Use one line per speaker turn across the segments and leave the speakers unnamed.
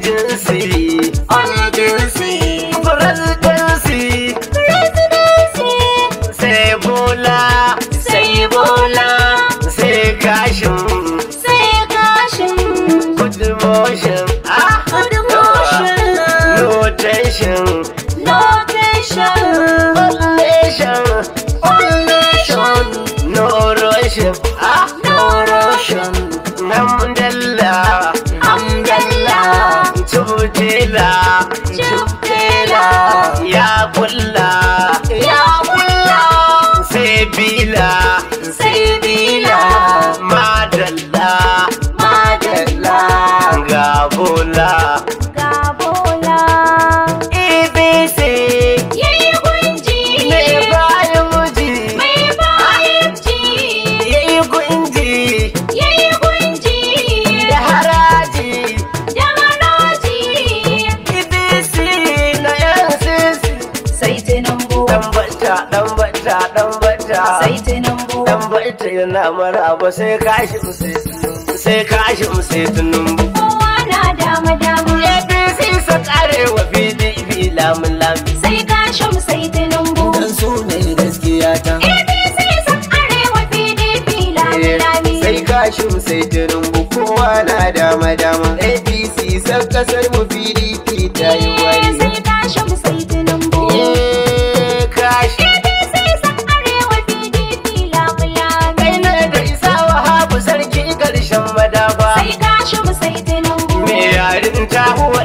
Just. bola ga bola abc e yayi gunji mai bayan muji mai bayan ji yayi gunji yayi gunji da haraji da haraji abc e na yan e sisi sai tinubu dan bata dan bata dan bata sai tinubu dan bata yana maraba sai kashi sai sai kashi sai tinubu dama dama APC sa kare wa PDP lamun lami sai kashim sai tinubu dan su ne gaskiya ta APC eh, lami sai kashim kowa na dama dama APC sa kasar mu PDP ta yi eh, wari sai kashim sai tinubu eh kashim Sai ka mu sai dawo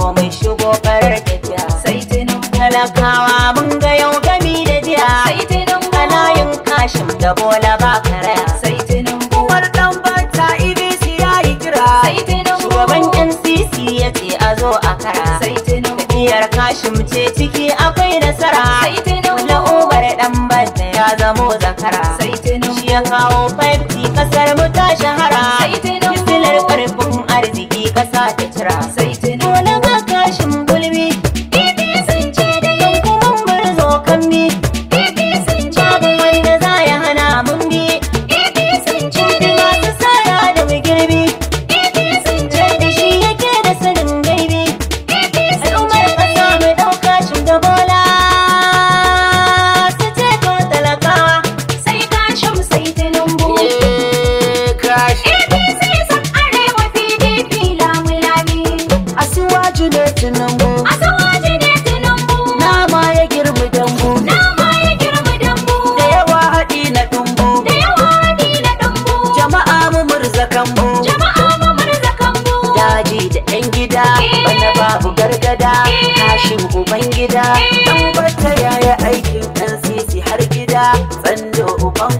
zo mai shigo farar tafiya sai talakawa mun ga yau gami da jiya sai tunan alayin kashim da bola ba karaya sai tunan buwar dan bata ibc ya yi kira sai tunan shugaban ncc ya ce a zo a kara sai kashim ce ciki akwai nasara sai tunan la'ubar dan bata ya zamo zakara sai shi ya kawo 5 kasar mu ta shahara hashim ubangida dan bata yaya aikin ɗan sisi har gida tsando uban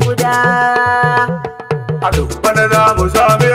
a duk bana za mu sami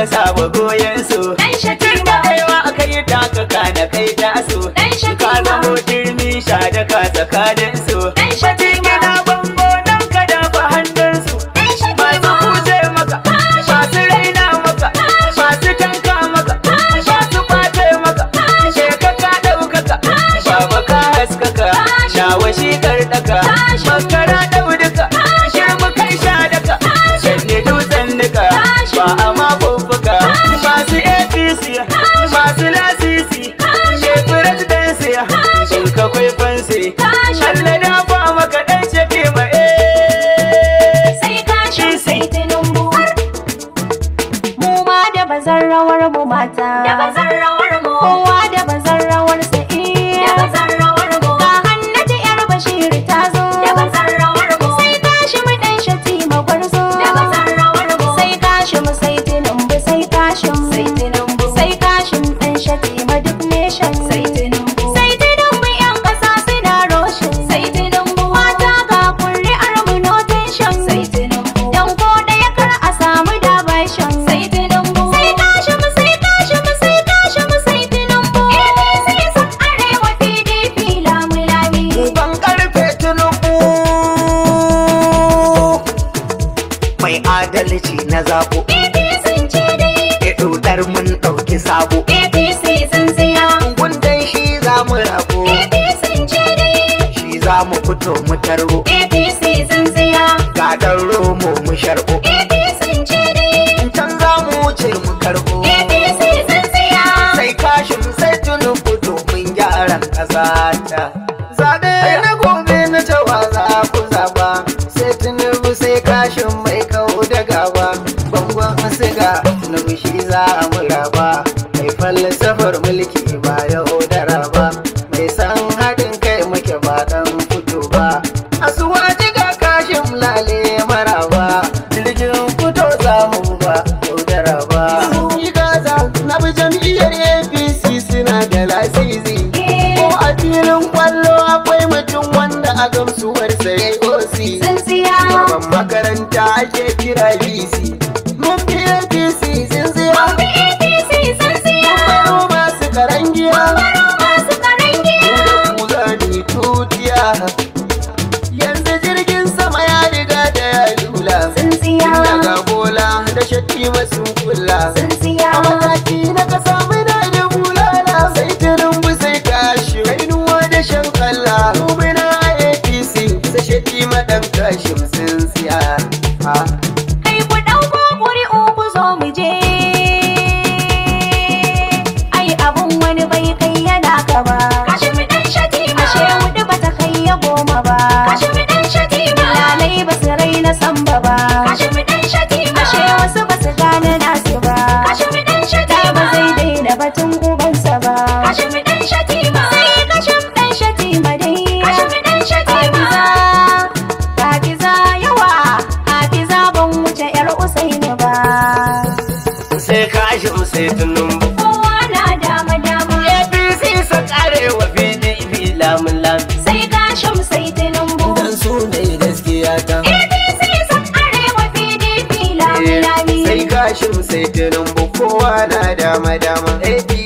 ka saba goyon su dan shatima kaiwa kai ta ka da kai ta su dan shatima ka zamo turmi sha da ka tsakanin su dan shatima na bango nan ka da ba hannun su dan ba masu kuce maka ba su raina maka ba su tanka maka ba su kwace maka shekaka daukaka baba ka haskaka shawashi karɗaka makara dauduka shirmu kai sha daka sanne dutsen duka ba a mako sisi, Masilasi sisi, Shepherd adalci na zabo APC ce dai ke dodar mun ɗauki sabo APC sun siya gundan shi za mu rabo APC sun ce dai shi za mu fito mu tarbo APC sun siya ga ɗan romo mu sharbo APC sun ce dai can za mu wuce mu karbo APC sun siya sai kashin sai tunubu domin gyaran ƙasa ta kasuwar sai osi Baban makaranta ake kira BC Mun fi APC zinziya Mun fi APC masu karangiya masu karangiya Yanzu jirgin sama ya riga da ya lula Zinziya Daga bola da shatti masu zuciyata eh, sai kashin sai tunan bukowa na dama dama